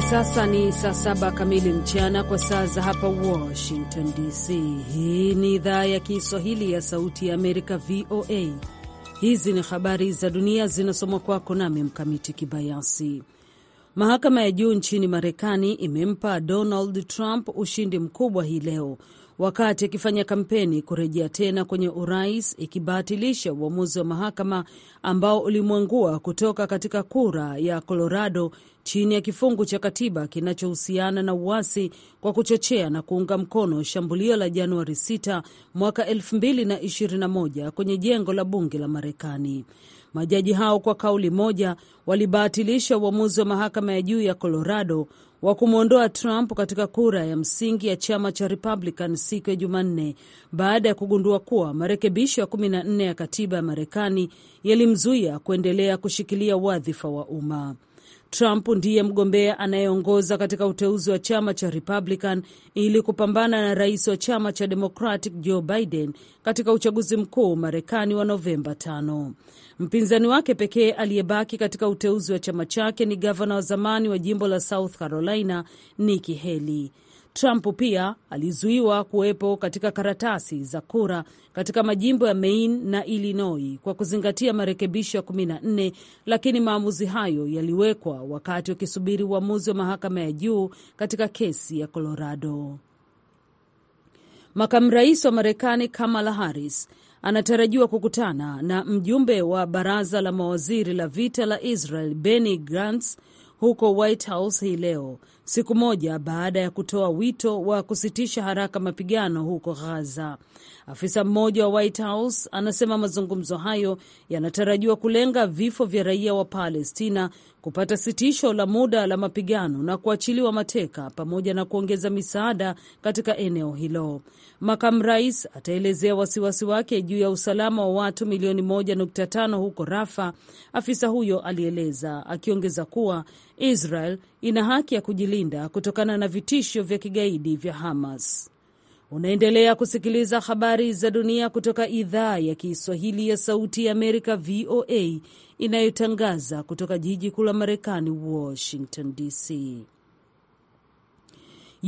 Hivi sasa ni saa saba kamili mchana kwa saa za hapa Washington DC. Hii ni idhaa ya Kiswahili ya Sauti ya Amerika, VOA. Hizi ni habari za dunia zinasomwa kwako nami Mkamiti Kibayasi. Mahakama ya juu nchini Marekani imempa Donald Trump ushindi mkubwa hii leo wakati akifanya kampeni kurejea tena kwenye urais, ikibatilisha uamuzi wa mahakama ambao ulimwangua kutoka katika kura ya Colorado chini ya kifungu cha katiba kinachohusiana na uasi kwa kuchochea na kuunga mkono shambulio la Januari 6 mwaka 2021 kwenye jengo la bunge la Marekani. Majaji hao kwa kauli moja walibatilisha uamuzi wa mahakama ya juu ya Colorado wa kumwondoa Trump katika kura ya msingi ya chama cha Republican siku ya Jumanne baada ya kugundua kuwa marekebisho ya 14 ya katiba ya Marekani yalimzuia kuendelea kushikilia wadhifa wa umma. Trump ndiye mgombea anayeongoza katika uteuzi wa chama cha Republican ili kupambana na rais wa chama cha Democratic Joe Biden katika uchaguzi mkuu Marekani wa Novemba tano Mpinzani wake pekee aliyebaki katika uteuzi wa chama chake ni gavana wa zamani wa jimbo la South Carolina Nikki Haley. Trump pia alizuiwa kuwepo katika karatasi za kura katika majimbo ya Maine na Illinois kwa kuzingatia marekebisho ya 14, lakini maamuzi hayo yaliwekwa wakati wakisubiri uamuzi wa mahakama ya juu katika kesi ya Colorado. Makamu rais wa Marekani Kamala Harris anatarajiwa kukutana na mjumbe wa baraza la mawaziri la vita la Israel Benny Gantz huko White House hii leo, siku moja baada ya kutoa wito wa kusitisha haraka mapigano huko Gaza. Afisa mmoja wa White House anasema mazungumzo hayo yanatarajiwa kulenga vifo vya raia wa Palestina, kupata sitisho la muda la mapigano na kuachiliwa mateka, pamoja na kuongeza misaada katika eneo hilo. Makamu rais ataelezea wasiwasi wake juu ya usalama wa watu milioni 1.5 huko Rafa, afisa huyo alieleza, akiongeza kuwa Israel ina haki ya kujilinda kutokana na vitisho vya kigaidi vya Hamas. Unaendelea kusikiliza habari za dunia kutoka idhaa ya Kiswahili ya Sauti ya Amerika, VOA, inayotangaza kutoka jiji kuu la Marekani, Washington DC.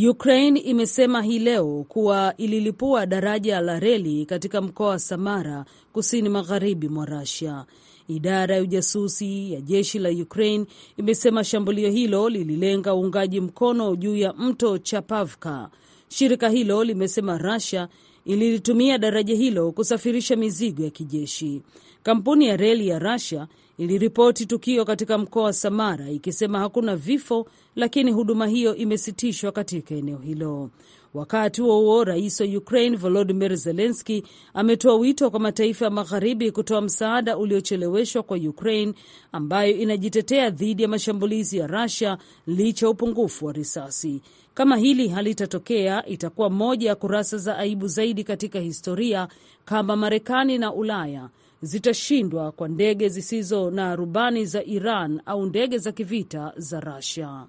Ukraine imesema hii leo kuwa ililipua daraja la reli katika mkoa wa Samara kusini magharibi mwa rasia Idara ya ujasusi ya jeshi la Ukraine imesema shambulio hilo lililenga uungaji mkono juu ya mto Chapavka. Shirika hilo limesema Russia ililitumia daraja hilo kusafirisha mizigo ya kijeshi. Kampuni ya reli ya rasia iliripoti tukio katika mkoa wa Samara ikisema hakuna vifo, lakini huduma hiyo imesitishwa katika eneo hilo. Wakati huo huo, rais wa Ukraine volodimir zelenski ametoa wito kwa mataifa ya magharibi kutoa msaada uliocheleweshwa kwa Ukraine ambayo inajitetea dhidi ya mashambulizi ya Russia licha ya upungufu wa risasi. Kama hili halitatokea, itakuwa moja ya kurasa za aibu zaidi katika historia kama Marekani na Ulaya zitashindwa kwa ndege zisizo na rubani za Iran au ndege za kivita za Russia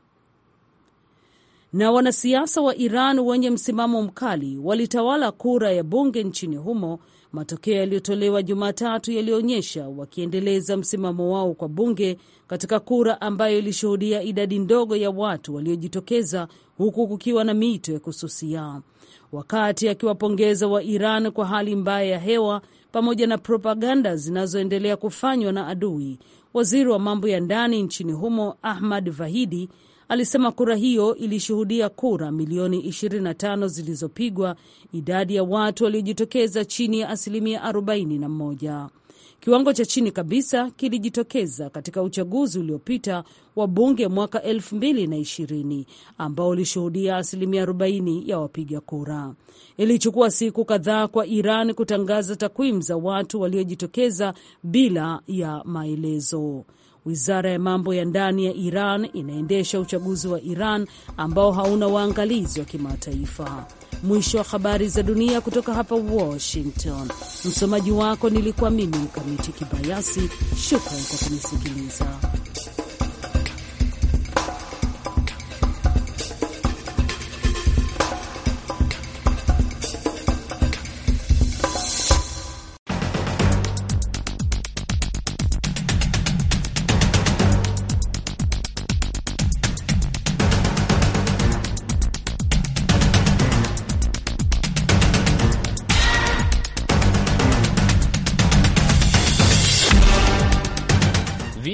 na wanasiasa wa Iran wenye msimamo mkali walitawala kura ya bunge nchini humo, matokeo yaliyotolewa Jumatatu yaliyoonyesha wakiendeleza msimamo wao kwa bunge katika kura ambayo ilishuhudia idadi ndogo ya watu waliojitokeza huku kukiwa na miito ya kususia. Wakati akiwapongeza wa Iran kwa hali mbaya ya hewa pamoja na propaganda zinazoendelea kufanywa na adui, waziri wa mambo ya ndani nchini humo Ahmad Vahidi alisema kura hiyo ilishuhudia kura milioni 25 zilizopigwa, idadi ya watu waliojitokeza chini ya asilimia 41. Kiwango cha chini kabisa kilijitokeza katika uchaguzi uliopita wa bunge mwaka 2020 ambao ulishuhudia asilimia 40 ya wapiga kura. Ilichukua siku kadhaa kwa Iran kutangaza takwimu za watu waliojitokeza bila ya maelezo. Wizara ya mambo ya ndani ya Iran inaendesha uchaguzi wa Iran ambao hauna waangalizi wa kimataifa. Mwisho wa habari za dunia kutoka hapa Washington. Msomaji wako nilikuwa mimi Mkamiti Kibayasi. Shukran kwa kunisikiliza.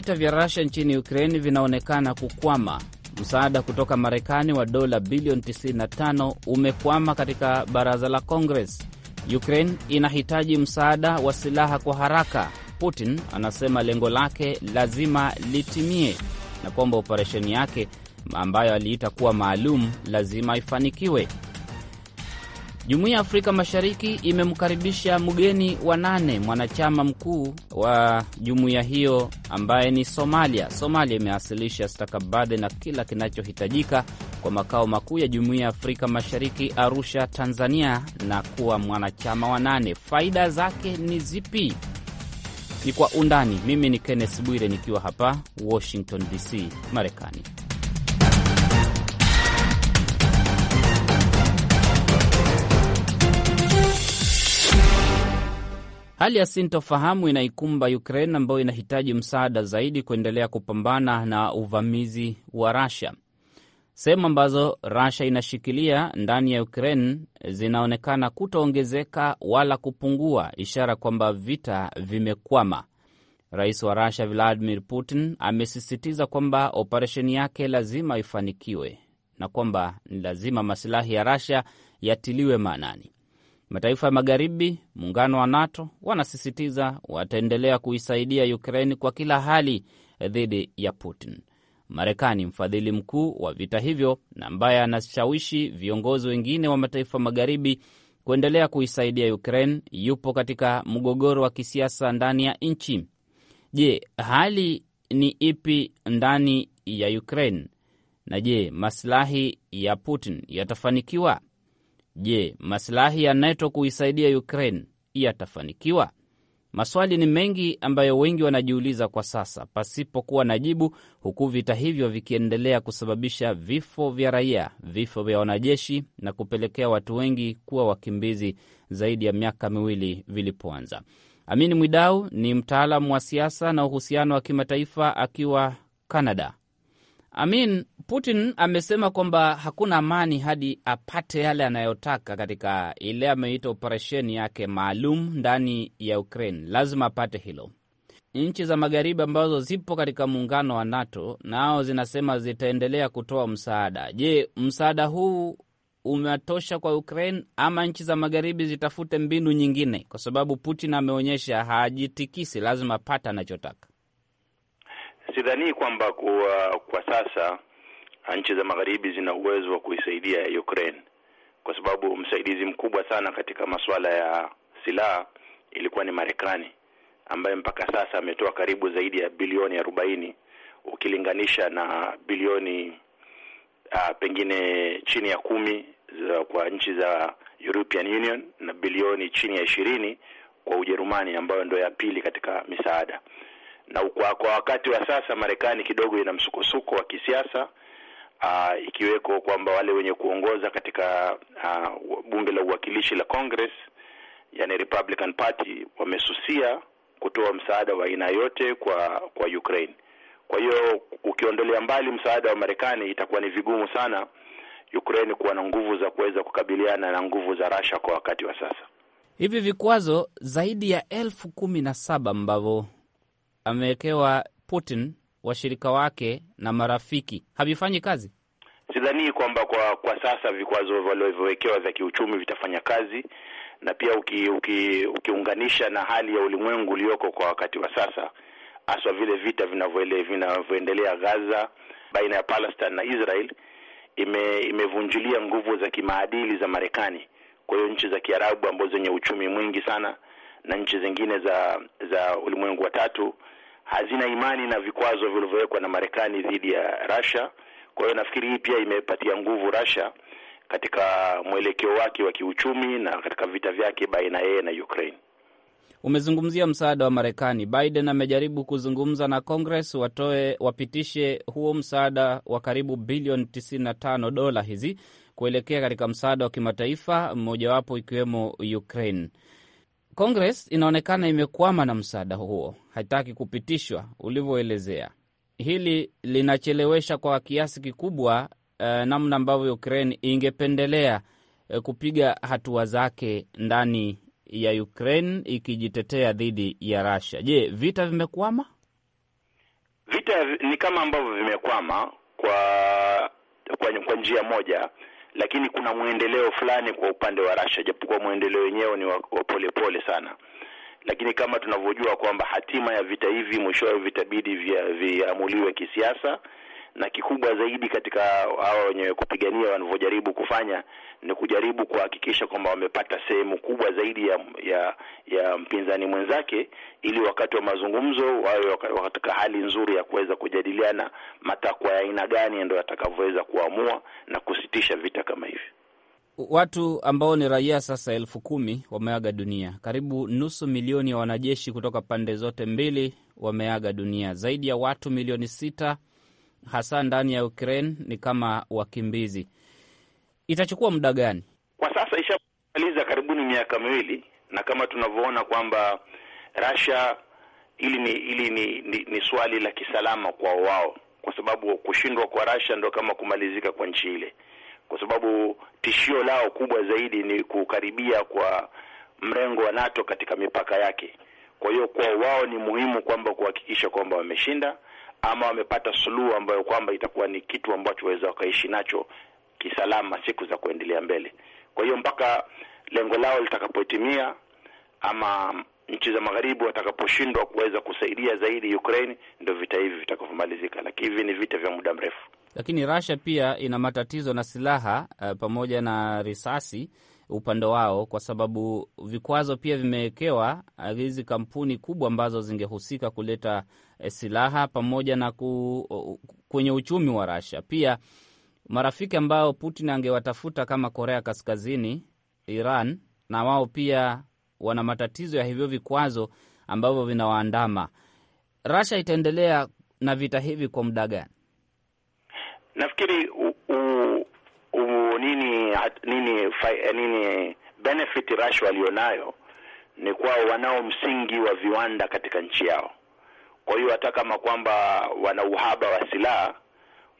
Vita vya Rusia nchini Ukraini vinaonekana kukwama. Msaada kutoka Marekani wa dola bilioni 95 umekwama katika baraza la Kongres. Ukraine inahitaji msaada wa silaha kwa haraka. Putin anasema lengo lake lazima litimie na kwamba operesheni yake ambayo aliita kuwa maalum lazima ifanikiwe. Jumuiya ya Afrika Mashariki imemkaribisha mgeni wa nane mwanachama mkuu wa jumuiya hiyo ambaye ni Somalia. Somalia imewasilisha stakabadhi na kila kinachohitajika kwa makao makuu ya Jumuiya ya Afrika Mashariki Arusha, Tanzania, na kuwa mwanachama wa nane. Faida zake ni zipi? Ni kwa undani. Mimi ni Kenneth Bwire nikiwa hapa Washington DC, Marekani. Hali ya sintofahamu inaikumba Ukraine ambayo inahitaji msaada zaidi kuendelea kupambana na uvamizi wa Russia. Sehemu ambazo rasha inashikilia ndani ya Ukraine zinaonekana kutoongezeka wala kupungua, ishara kwamba vita vimekwama. Rais wa rasha Vladimir Putin amesisitiza kwamba operesheni yake lazima ifanikiwe na kwamba ni lazima masilahi ya rasha yatiliwe maanani. Mataifa ya Magharibi, muungano wa NATO wanasisitiza wataendelea kuisaidia Ukraini kwa kila hali dhidi ya Putin. Marekani, mfadhili mkuu wa vita hivyo na ambaye anashawishi viongozi wengine wa mataifa magharibi kuendelea kuisaidia Ukraine, yupo katika mgogoro wa kisiasa ndani ya nchi. Je, hali ni ipi ndani ya Ukraine? Na je, masilahi ya Putin yatafanikiwa? Je, masilahi ya NATO kuisaidia Ukraine yatafanikiwa? Maswali ni mengi ambayo wengi wanajiuliza kwa sasa pasipokuwa na jibu, huku vita hivyo vikiendelea kusababisha vifo vya raia, vifo vya wanajeshi na kupelekea watu wengi kuwa wakimbizi zaidi ya miaka miwili vilipoanza. Amin Mwidau ni mtaalamu wa siasa na uhusiano wa kimataifa akiwa canada Amin Putin amesema kwamba hakuna amani hadi apate yale anayotaka katika ile ameita operesheni yake maalum ndani ya Ukraine. Lazima apate hilo. Nchi za magharibi ambazo zipo katika muungano wa NATO nao zinasema zitaendelea kutoa msaada. Je, msaada huu umetosha kwa Ukraine ama nchi za magharibi zitafute mbinu nyingine? Kwa sababu Putin ameonyesha hajitikisi, lazima apate anachotaka. Sidhanii kwamba kwa, uh, kwa sasa uh, nchi za magharibi zina uwezo wa kuisaidia Ukraine kwa sababu msaidizi mkubwa sana katika masuala ya silaha ilikuwa ni Marekani ambaye mpaka sasa ametoa karibu zaidi ya bilioni arobaini ukilinganisha na bilioni a, uh, pengine chini ya kumi za, kwa nchi za European Union na bilioni chini ya ishirini kwa Ujerumani ambayo ndio ya pili katika misaada na kwa, kwa wakati wa sasa Marekani kidogo ina msukosuko wa kisiasa uh, ikiweko kwamba wale wenye kuongoza katika uh, bunge la uwakilishi la Congress yani Republican Party wamesusia kutoa msaada wa aina yote kwa kwa Ukraine. Kwa hiyo ukiondolea mbali msaada wa Marekani, itakuwa ni vigumu sana Ukraine kuwa na nguvu za kuweza kukabiliana na nguvu za Russia kwa wakati wa sasa. Hivi vikwazo zaidi ya elfu kumi na saba ambavyo amewekewa Putin, washirika wake na marafiki havifanyi kazi? Sidhanii kwamba kwa kwa sasa vikwazo walivyowekewa vya kiuchumi vitafanya kazi, na pia uki, uki, ukiunganisha na hali ya ulimwengu ulioko kwa wakati wa sasa, haswa vile vita vinavyoendelea Gaza baina ya Palestine na Israel ime, imevunjilia nguvu za kimaadili za Marekani. Kwa hiyo nchi za Kiarabu ambazo zenye uchumi mwingi sana na nchi zingine za za ulimwengu wa tatu hazina imani na vikwazo vilivyowekwa na Marekani dhidi ya Russia. Kwa hiyo nafikiri hii pia imepatia nguvu Russia katika mwelekeo wake wa kiuchumi na katika vita vyake baina yeye na Ukraine. Umezungumzia msaada wa Marekani. Biden amejaribu kuzungumza na Congress watoe wapitishe huo msaada wa karibu bilioni 95 dola hizi kuelekea katika msaada wa kimataifa, mmojawapo ikiwemo Ukraine. Congress inaonekana imekwama na msaada huo, haitaki kupitishwa ulivyoelezea. Hili linachelewesha kwa kiasi kikubwa uh, namna ambavyo Ukraine ingependelea uh, kupiga hatua zake ndani ya Ukraine ikijitetea dhidi ya Russia. Je, vita vimekwama? Vita ni kama ambavyo vimekwama kwa kwa, kwa njia moja lakini kuna mwendeleo fulani kwa upande wa Russia, japokuwa mwendeleo wenyewe ni wa polepole sana, lakini kama tunavyojua kwamba hatima ya vita hivi mwishowe vitabidi viamuliwe kisiasa, na kikubwa zaidi katika hawa wenye kupigania wanavyojaribu kufanya ni kujaribu kuhakikisha kwamba wamepata sehemu kubwa zaidi ya ya, ya mpinzani mwenzake, ili wakati wa mazungumzo wawe katika hali nzuri ya kuweza kujadiliana matakwa ya aina gani ndo yatakavyoweza kuamua na kusitisha vita kama hivyo Watu ambao ni raia sasa elfu kumi wameaga dunia, karibu nusu milioni ya wanajeshi kutoka pande zote mbili wameaga dunia, zaidi ya watu milioni sita hasa ndani ya Ukraine ni kama wakimbizi itachukua muda gani? Kwa sasa ishamaliza karibuni miaka miwili, na kama tunavyoona kwamba Russia hili ni hili ni, ni, ni swali la kisalama kwa wao, kwa sababu kushindwa kwa Russia ndo kama kumalizika kwa nchi ile, kwa sababu tishio lao kubwa zaidi ni kukaribia kwa mrengo wa NATO katika mipaka yake. Kwa hiyo kwa wao ni muhimu kwamba kuhakikisha kwamba wameshinda ama wamepata suluhu ambayo kwamba itakuwa ni kitu ambacho waweza wakaishi nacho kisalama siku za kuendelea mbele. Kwa hiyo mpaka lengo lao litakapotimia ama nchi za magharibi watakaposhindwa kuweza kusaidia zaidi Ukraine, ndio vita hivi vitakavyomalizika, lakini hivi ni vita vya muda mrefu. Lakini Russia pia ina matatizo na silaha uh, pamoja na risasi upande wao, kwa sababu vikwazo pia vimewekewa eh, hizi kampuni kubwa ambazo zingehusika kuleta eh, silaha pamoja na ku, kwenye uchumi wa Russia pia marafiki ambao Putin angewatafuta kama Korea Kaskazini, Iran, na wao pia wana matatizo ya hivyo vikwazo ambavyo vinawaandama. Russia itaendelea na vita hivi kwa muda gani? Nafikiri nini, nini, nini benefit Russia walionayo ni kuwa wanao msingi wa viwanda katika nchi yao. Kwa hiyo hata kama kwamba wana uhaba wa silaha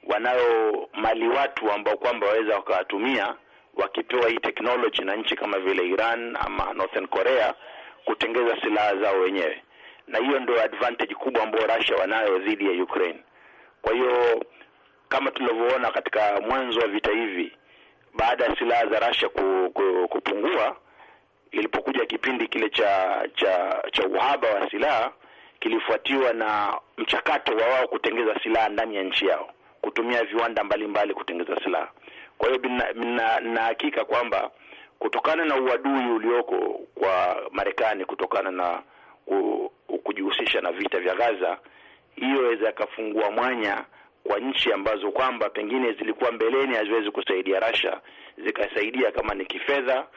wanao mali watu ambao kwamba waweza wakawatumia wakipewa hii teknoloji na nchi kama vile Iran ama Northern Korea kutengeza silaha zao wenyewe, na hiyo ndio advantage kubwa ambayo Russia wanayo dhidi ya Ukraine. Kwa hiyo kama tulivyoona katika mwanzo wa vita hivi, baada ya silaha za Russia ku, ku, kupungua, ilipokuja kipindi kile cha cha cha uhaba wa silaha, kilifuatiwa na mchakato wa wao kutengeza silaha ndani ya nchi yao kutumia viwanda mbalimbali kutengeza silaha. Kwa hiyo na hakika kwamba kutokana na uadui ulioko kwa Marekani kutokana na kujihusisha na vita vya Gaza, hiyo inaweza ikafungua mwanya kwa nchi ambazo kwamba pengine zilikuwa mbeleni haziwezi kusaidia Russia zikasaidia, kama ni kifedha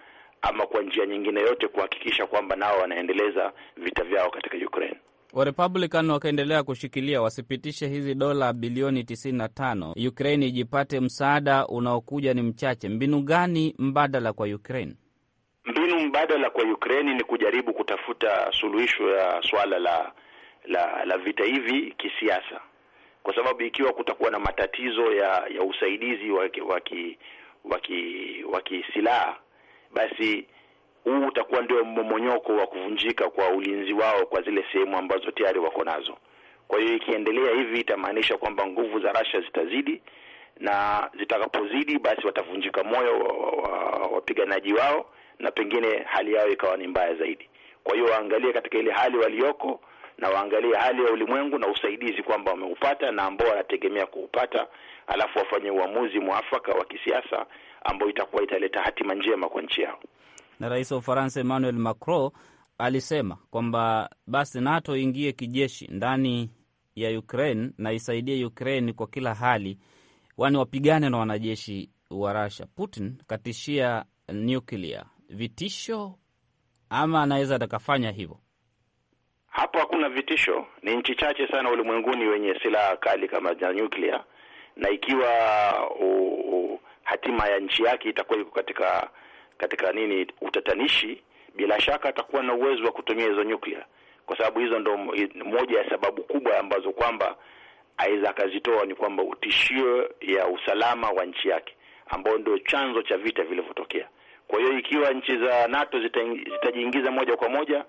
ama kwa njia nyingine yote, kuhakikisha kwamba nao wanaendeleza vita vyao katika Ukraine. Warepublican wakaendelea kushikilia wasipitishe hizi dola bilioni 95, Ukraine ijipate msaada unaokuja ni mchache. Mbinu gani mbadala kwa Ukraine? Mbinu mbadala kwa Ukraine ni kujaribu kutafuta suluhisho ya swala la la la vita hivi kisiasa, kwa sababu ikiwa kutakuwa na matatizo ya ya usaidizi wa waki, waki, waki basi huu utakuwa ndio mmomonyoko wa kuvunjika kwa ulinzi wao kwa zile sehemu ambazo tayari wako nazo. Kwa hiyo ikiendelea hivi itamaanisha kwamba nguvu za Russia zitazidi, na zitakapozidi, basi watavunjika moyo wapiganaji wa, wa, wa wao, na pengine hali yao ikawa ni mbaya zaidi. Kwa hiyo waangalie katika ile hali walioko na waangalie hali ya ulimwengu na usaidizi kwamba wameupata na ambao wanategemea kuupata, alafu wafanye uamuzi mwafaka wa kisiasa ambao itakuwa italeta hatima njema kwa nchi yao na rais wa Ufaransa Emmanuel Macron alisema kwamba basi NATO ingie kijeshi ndani ya Ukraine na isaidie Ukraine kwa kila hali, wani wapigane na wanajeshi wa Russia. Putin katishia nuklia vitisho ama anaweza atakafanya hivyo? Hapo hakuna vitisho. Ni nchi chache sana ulimwenguni wenye silaha kali kama za nuklia na ikiwa uh, uh, hatima ya nchi yake itakuwa iko katika katika nini utatanishi, bila shaka atakuwa na uwezo wa kutumia hizo nyuklia, kwa sababu hizo ndo moja ya sababu kubwa ambazo kwamba aweza akazitoa, ni kwamba utishio ya usalama wa nchi yake ambao ndio chanzo cha vita vilivyotokea. Kwa hiyo ikiwa nchi za NATO zitajiingiza moja kwa moja,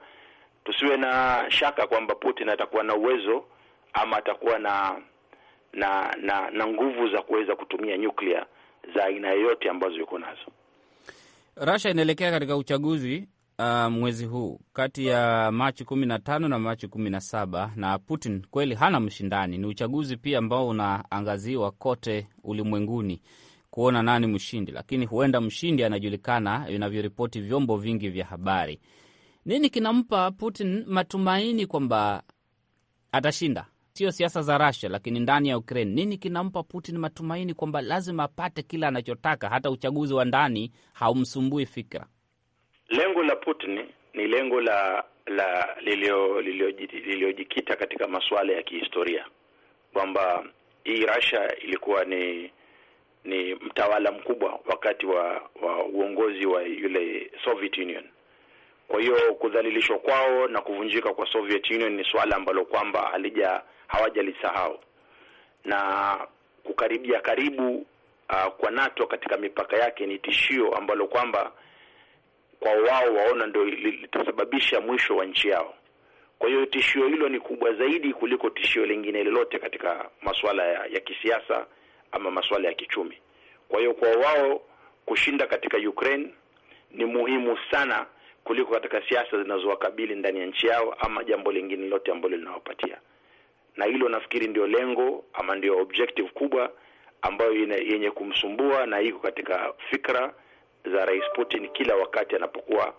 tusiwe na shaka kwamba Putin atakuwa na uwezo ama atakuwa na na na, na nguvu za kuweza kutumia nyuklia za aina yoyote ambazo yuko nazo rasha inaelekea katika uchaguzi uh, mwezi huu kati ya Machi kumi na tano na Machi kumi na saba na Putin kweli hana mshindani. Ni uchaguzi pia ambao unaangaziwa kote ulimwenguni kuona nani mshindi, lakini huenda mshindi anajulikana inavyoripoti vyombo vingi vya habari. Nini kinampa Putin matumaini kwamba atashinda? sio siasa za Russia, lakini ndani ya Ukraine, nini kinampa Putin matumaini kwamba lazima apate kila anachotaka, hata uchaguzi wa ndani haumsumbui fikra? Lengo la Putin ni lengo la la lilio katika masuala ya kihistoria kwamba hii Russia ilikuwa ni ni mtawala mkubwa wakati wa, wa uongozi wa yule Soviet Union. Kwa hiyo kudhalilishwa kwao na kuvunjika kwa Soviet Union ni suala ambalo kwamba halija hawajalisahau na kukaribia karibu uh, kwa NATO katika mipaka yake ni tishio ambalo kwamba kwa wao waona ndio litasababisha mwisho wa nchi yao. Kwa hiyo tishio hilo ni kubwa zaidi kuliko tishio lingine lolote katika masuala ya, ya kisiasa ama masuala ya kichumi. Kwa hiyo kwa wao kushinda katika Ukraine ni muhimu sana kuliko katika siasa zinazowakabili ndani ya nchi yao ama jambo lingine lote ambalo linawapatia na hilo nafikiri ndio lengo ama ndio objective kubwa ambayo yenye kumsumbua na iko katika fikra za Rais Putin kila wakati anapokuwa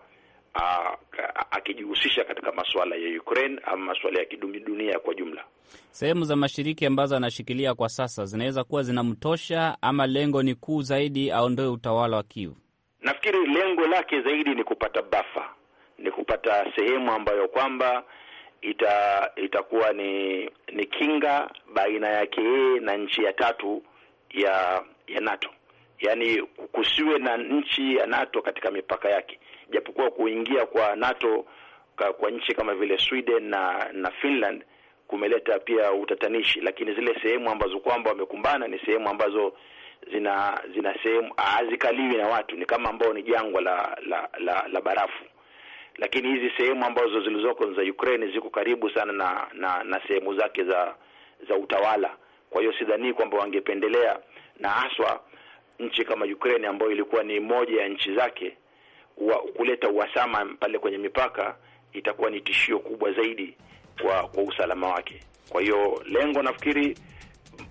akijihusisha katika masuala ya Ukraine ama masuala ya kidunia kwa jumla. Sehemu za mashariki ambazo anashikilia kwa sasa zinaweza kuwa zinamtosha, ama lengo ni kuu zaidi aondoe utawala wa Kiev. Nafikiri lengo lake zaidi ni kupata bafa, ni kupata sehemu ambayo kwamba ita itakuwa ni ni kinga baina yake yeye na nchi ya tatu ya ya NATO, yaani kusiwe na nchi ya NATO katika mipaka yake, japokuwa kuingia kwa NATO kwa, kwa nchi kama vile Sweden na na Finland kumeleta pia utatanishi, lakini zile sehemu ambazo kwamba wamekumbana ni sehemu ambazo zina zina sehemu hazikaliwi na watu, ni kama ambao ni jangwa la la, la, la barafu lakini hizi sehemu ambazo zilizoko za Ukraine ziko karibu sana na na, na sehemu zake za za utawala. Kwa hiyo sidhani kwamba wangependelea, na haswa nchi kama Ukraine ambayo ilikuwa ni moja ya nchi zake wa, kuleta uhasama pale kwenye mipaka itakuwa ni tishio kubwa zaidi kwa kwa usalama wake. Kwa hiyo lengo nafikiri,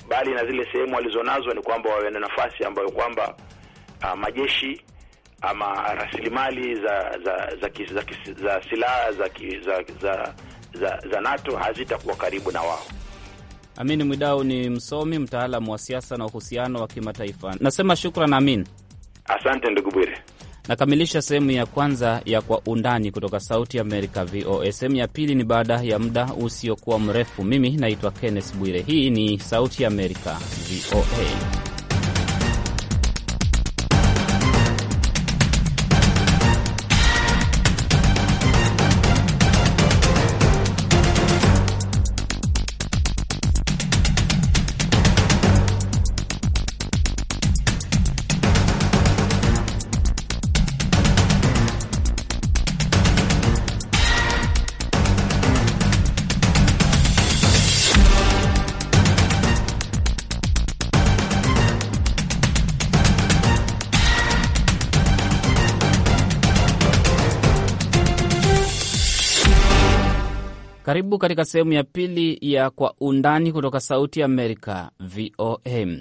bali na zile sehemu walizonazo, ni kwamba wawe na nafasi ambayo kwamba ah, majeshi ama rasilimali za za za, za, za, za silaha za, za, za, za, za NATO hazitakuwa karibu na wao. Amin Mwidau ni msomi mtaalamu wa siasa na uhusiano wa kimataifa. Nasema shukran, Amin. Asante ndugu Bwire. Nakamilisha sehemu ya kwanza ya Kwa Undani kutoka Sauti Amerika, VOA. Sehemu ya pili ni baada ya muda usiokuwa mrefu. Mimi naitwa Kenneth Bwire. Hii ni Sauti Amerika, VOA. Karibu katika sehemu ya pili ya Kwa Undani kutoka Sauti Amerika, VOM.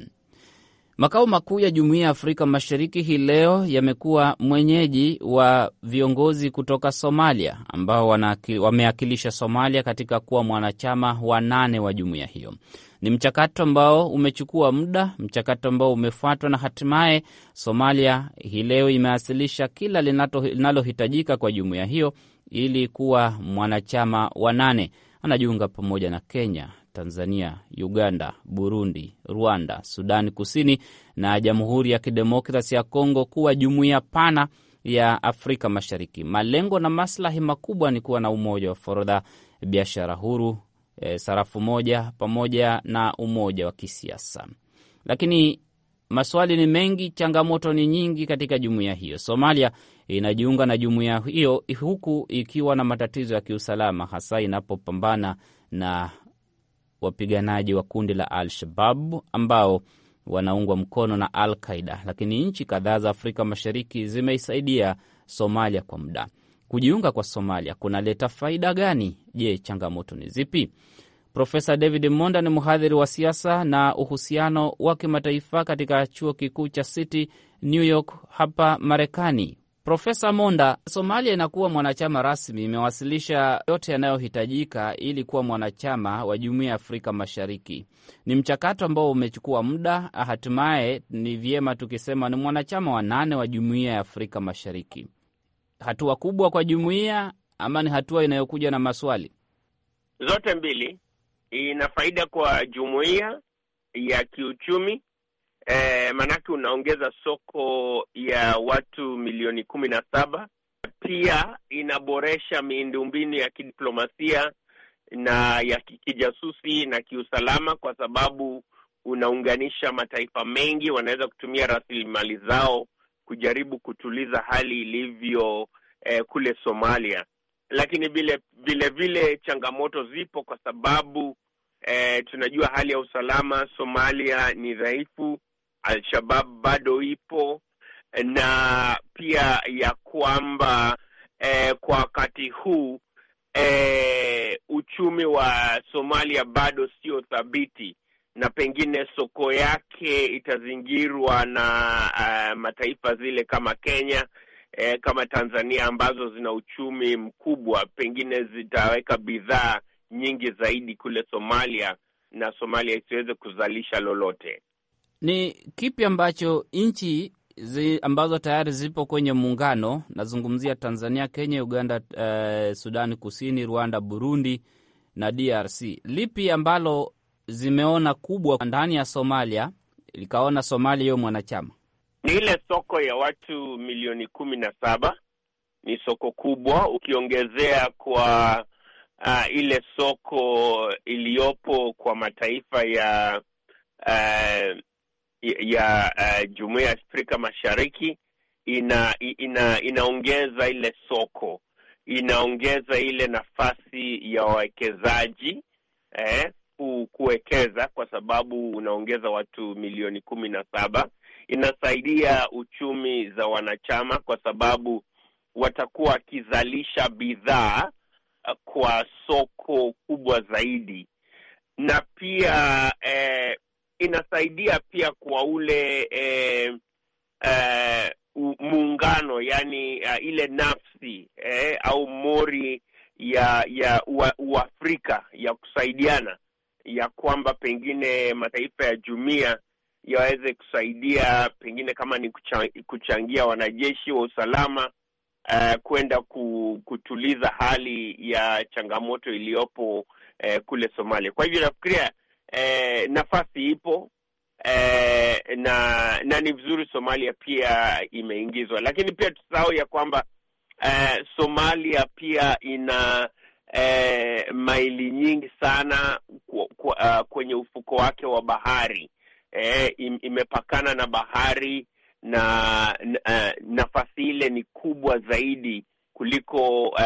Makao makuu ya Jumuiya ya Afrika Mashariki hii leo yamekuwa mwenyeji wa viongozi kutoka Somalia ambao wameakilisha Somalia katika kuwa mwanachama wa nane wa jumuiya hiyo. Ni mchakato ambao umechukua muda, mchakato ambao umefuatwa na hatimaye Somalia hii leo imewasilisha kila linalohitajika kwa jumuiya hiyo ili kuwa mwanachama wa nane. Anajiunga pamoja na Kenya, Tanzania, Uganda, Burundi, Rwanda, Sudani Kusini na Jamhuri ya Kidemokrasi ya Kongo kuwa jumuiya pana ya Afrika Mashariki. Malengo na maslahi makubwa ni kuwa na umoja wa forodha, biashara huru, e, sarafu moja pamoja na umoja wa kisiasa. Lakini Maswali ni mengi, changamoto ni nyingi katika jumuiya hiyo. Somalia inajiunga na jumuiya hiyo huku ikiwa na matatizo ya kiusalama, hasa inapopambana na wapiganaji wa kundi la Al-Shabab ambao wanaungwa mkono na Al Qaida, lakini nchi kadhaa za Afrika Mashariki zimeisaidia Somalia kwa muda. Kujiunga kwa Somalia kunaleta faida gani? Je, changamoto ni zipi? Profesa David Monda ni mhadhiri wa siasa na uhusiano wa kimataifa katika chuo kikuu cha City New York hapa Marekani. Profesa Monda, Somalia inakuwa mwanachama rasmi, imewasilisha yote yanayohitajika ili kuwa mwanachama wa jumuiya ya Afrika Mashariki. Ni mchakato ambao umechukua muda, hatimaye ni vyema tukisema ni mwanachama wa nane wa jumuiya ya Afrika Mashariki. Hatua kubwa kwa jumuiya ama ni hatua inayokuja na maswali? Zote mbili ina faida kwa jumuiya ya kiuchumi eh, maanake unaongeza soko ya watu milioni kumi na saba. Pia inaboresha miundombinu ya kidiplomasia na ya kijasusi na kiusalama, kwa sababu unaunganisha mataifa mengi, wanaweza kutumia rasilimali zao kujaribu kutuliza hali ilivyo eh, kule Somalia. Lakini vile vile changamoto zipo kwa sababu e, tunajua hali ya usalama Somalia ni dhaifu, Al-Shabab bado ipo na pia ya kwamba e, kwa wakati huu e, uchumi wa Somalia bado sio thabiti na pengine soko yake itazingirwa na uh, mataifa zile kama Kenya eh, kama Tanzania ambazo zina uchumi mkubwa, pengine zitaweka bidhaa nyingi zaidi kule Somalia na Somalia isiweze kuzalisha lolote. Ni kipi ambacho nchi zi ambazo tayari zipo kwenye muungano, nazungumzia Tanzania, Kenya, Uganda, eh, Sudani Kusini, Rwanda, Burundi na DRC, lipi ambalo zimeona kubwa ndani ya Somalia likaona Somalia hiyo mwanachama? Ni ile soko ya watu milioni kumi na saba. Ni soko kubwa ukiongezea kwa uh, ile soko iliyopo kwa mataifa ya uh, ya uh, Jumuiya ya Afrika Mashariki ina, ina inaongeza ile soko, inaongeza ile nafasi ya wawekezaji eh, kuwekeza kwa sababu unaongeza watu milioni kumi na saba. Inasaidia uchumi za wanachama kwa sababu watakuwa wakizalisha bidhaa kwa soko kubwa zaidi, na pia eh, inasaidia pia kwa ule eh, eh, muungano yani uh, ile nafsi eh, au mori ya ya Uafrika ya kusaidiana ya kwamba pengine mataifa ya jumia yaweze kusaidia pengine kama ni kuchangia wanajeshi wa usalama uh, kwenda ku, kutuliza hali ya changamoto iliyopo uh, kule Somalia. Kwa hivyo nafikiria uh, nafasi ipo uh, na na ni vizuri Somalia pia imeingizwa, lakini pia tusahau ya kwamba uh, Somalia pia ina uh, maili nyingi sana kwa, kwa, uh, kwenye ufuko wake wa bahari. E, im, imepakana na bahari na eh, nafasi ile ni kubwa zaidi kuliko uh,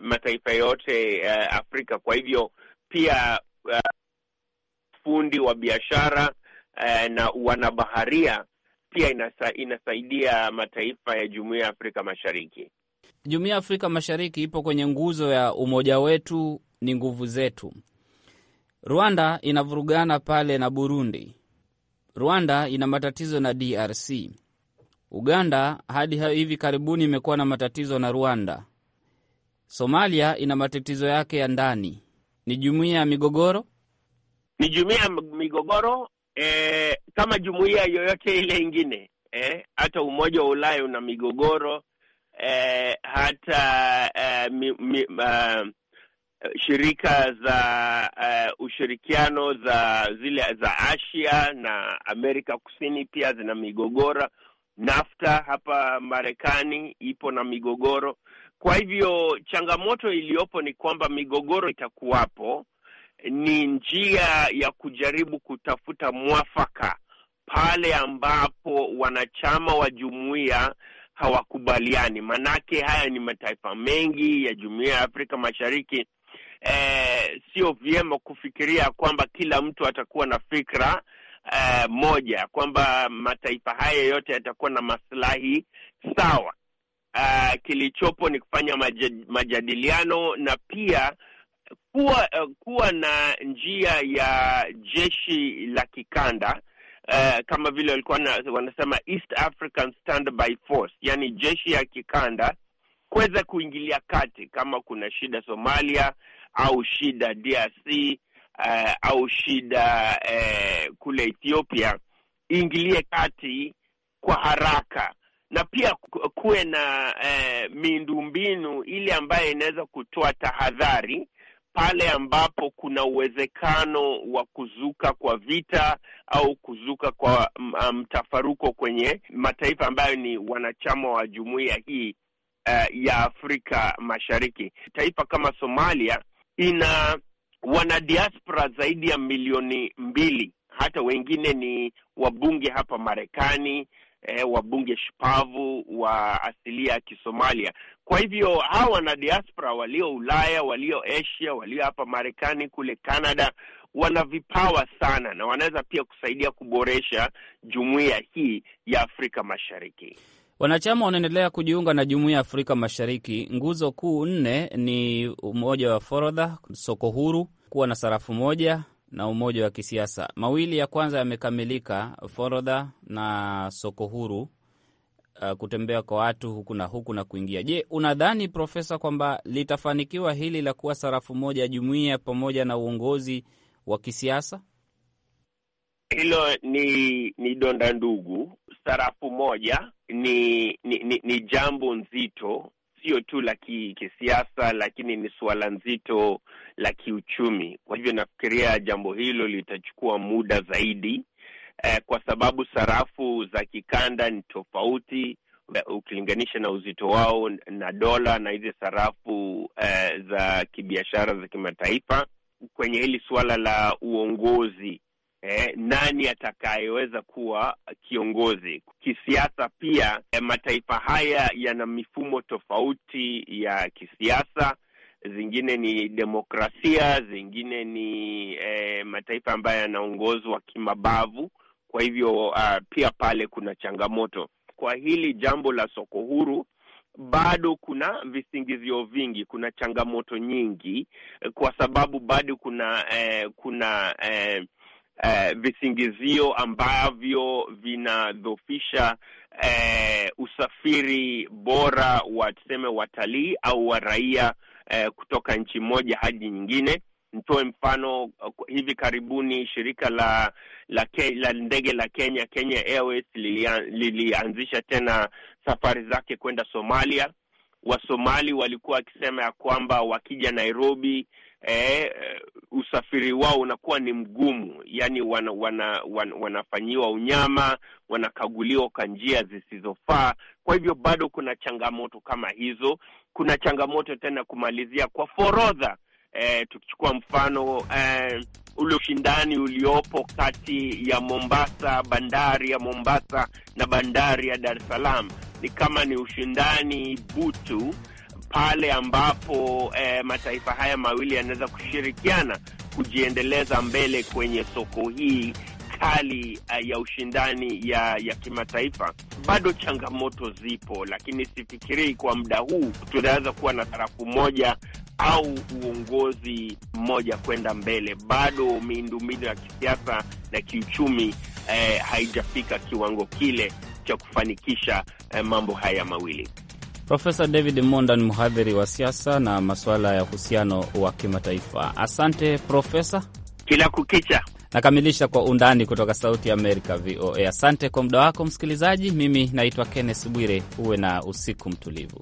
mataifa yote uh, Afrika. Kwa hivyo pia uh, fundi wa biashara uh, na wanabaharia pia inasa, inasaidia mataifa ya Jumuiya ya Afrika Mashariki. Jumuiya ya Afrika Mashariki ipo kwenye nguzo ya umoja wetu ni nguvu zetu. Rwanda inavurugana pale na Burundi. Rwanda ina matatizo na DRC. Uganda hadi hivi karibuni imekuwa na matatizo na Rwanda. Somalia ina matatizo yake ya ndani. Ni jumuiya ya migogoro, ni jumuiya ya migogoro eh, kama jumuiya yoyote ile ingine eh, hata Umoja wa Ulaya una migogoro eh, hata eh, mi, mi, uh, Eh, shirika za uh, ushirikiano za zile za Asia na Amerika Kusini pia zina migogoro. NAFTA hapa Marekani ipo na migogoro. Kwa hivyo changamoto iliyopo ni kwamba migogoro itakuwapo, ni njia ya kujaribu kutafuta mwafaka pale ambapo wanachama wa jumuiya hawakubaliani. Manake haya ni mataifa mengi ya jumuiya ya Afrika Mashariki eh, sio vyema kufikiria kwamba kila mtu atakuwa na fikra eh, moja, kwamba mataifa haya yote yatakuwa na maslahi sawa. Uh, kilichopo ni kufanya majadiliano na pia kuwa uh, kuwa na njia ya jeshi la kikanda uh, kama vile walikuwa wanasema East African Standby Force, yani jeshi ya kikanda kuweza kuingilia kati kama kuna shida Somalia au shida DRC uh, eh, au shida uh, eh, kule Ethiopia, iingilie kati kwa haraka na pia kuwe na eh, miundombinu ile ambayo inaweza kutoa tahadhari pale ambapo kuna uwezekano wa kuzuka kwa vita au kuzuka kwa mtafaruko mm, um, kwenye mataifa ambayo ni wanachama wa jumuiya hii eh, ya Afrika Mashariki. Taifa kama Somalia ina wanadiaspora zaidi ya milioni mbili. Hata wengine ni wabunge hapa Marekani, eh, wabunge shupavu wa asilia ya Kisomalia. Kwa hivyo hawa wana diaspora walio Ulaya, walio Asia, walio hapa Marekani, kule Canada wana vipawa sana na wanaweza pia kusaidia kuboresha jumuiya hii ya Afrika Mashariki. Wanachama wanaendelea kujiunga na jumuiya ya Afrika Mashariki. Nguzo kuu nne ni umoja wa forodha, soko huru, kuwa na sarafu moja na umoja wa kisiasa. Mawili ya kwanza yamekamilika, forodha na soko huru, uh, kutembea kwa watu huku na huku na kuingia. Je, unadhani Profesa kwamba litafanikiwa hili la kuwa sarafu moja ya jumuiya pamoja na uongozi wa kisiasa? Hilo ni, ni donda ndugu sarafu moja ni ni, ni, ni jambo nzito, sio tu la kisiasa, lakini ni suala nzito la kiuchumi. Kwa hivyo nafikiria jambo hilo litachukua muda zaidi eh, kwa sababu sarafu za kikanda ni tofauti ukilinganisha na uzito wao na dola na hizi sarafu eh, za kibiashara za kimataifa. Kwenye hili suala la uongozi eh, nani atakayeweza kuwa kiongozi kisiasa. Pia eh, mataifa haya yana mifumo tofauti ya kisiasa, zingine ni demokrasia, zingine ni eh, mataifa ambayo yanaongozwa kimabavu. Kwa hivyo uh, pia pale kuna changamoto kwa hili jambo la soko huru bado kuna visingizio vingi, kuna changamoto nyingi, eh, kwa sababu bado kuna eh, kuna eh, eh, visingizio ambavyo vinadhofisha eh, usafiri bora wa tuseme watalii au wa raia eh, kutoka nchi moja hadi nyingine. Nitoe mfano hivi karibuni, shirika la la, la ndege la Kenya, Kenya Airways lilianzisha tena safari zake kwenda Somalia. Wasomali walikuwa wakisema ya kwamba wakija Nairobi Eh, eh, usafiri wao unakuwa ni mgumu, yaani wana, wana, wana, wanafanyiwa unyama, wanakaguliwa kwa njia zisizofaa. Kwa hivyo bado kuna changamoto kama hizo. Kuna changamoto tena kumalizia kwa forodha. Eh, tukichukua mfano eh, ule ushindani uliopo kati ya Mombasa, bandari ya Mombasa na bandari ya Dar es Salaam ni kama ni ushindani butu pale ambapo eh, mataifa haya mawili yanaweza kushirikiana kujiendeleza mbele kwenye soko hii kali uh, ya ushindani ya ya kimataifa. Bado changamoto zipo, lakini sifikirii kwa muda huu tunaweza kuwa na sarafu moja au uongozi mmoja kwenda mbele. Bado miundombinu ya kisiasa na kiuchumi eh, haijafika kiwango kile cha kufanikisha eh, mambo haya mawili. Profesa David Monda ni mhadhiri wa siasa na masuala ya uhusiano wa kimataifa. Asante Profesa, kila kukicha. Nakamilisha kwa undani kutoka Sauti ya Amerika, VOA. Asante kwa muda wako msikilizaji. Mimi naitwa Kenneth Bwire, uwe na usiku mtulivu.